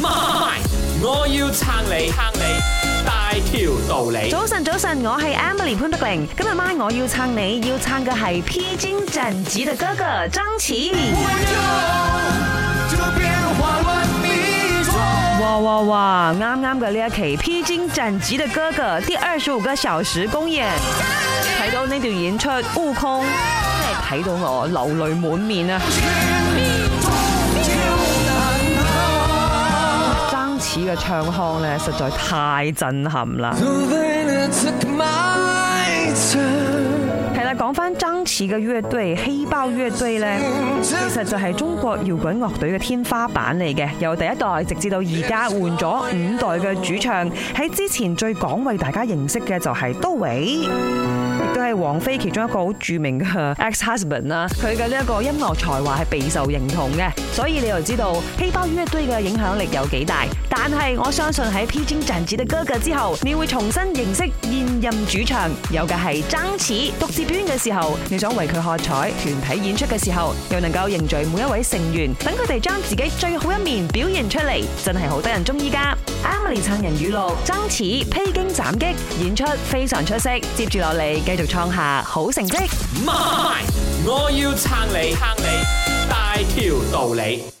媽 My. 我要撐你，撐你大條道理。早晨，早晨，我係 Emily 潘碧玲。今日晚我要撐你，要撐嘅係《披荊斬棘》的哥哥張淇。哇哇哇！啱啱嘅呢一期《披荊斬棘》的哥哥第二十五個小時公演，睇天 到呢段演出悟空，啊、真係睇到我流淚滿面啊！天 此嘅唱腔咧，實在太震撼啦！翻張淇嘅樂隊黑豹樂隊咧，其實就係中國搖滾樂隊嘅天花板嚟嘅，由第一代直至到而家換咗五代嘅主唱。喺之前最廣為大家認識嘅就係竇唯亦都係王菲其中一個好著名嘅 ex husband 啦。佢嘅呢一個音樂才華係備受認同嘅，所以你又知道黑豹樂隊嘅影響力有幾大。但係我相信喺《披荊斬棘的哥哥》之後，你會重新認識現任主唱，有嘅係張淇獨自表演嘅。之後你想為佢喝彩；團體演出嘅時候，又能夠凝聚每一位成員，等佢哋將自己最好一面表現出嚟，真係好得人中意噶。Emily 撐人語錄，爭持披荊斬棘，演出非常出色。接住落嚟，繼續創下好成績。媽，我要撐你，撐你，大條道理。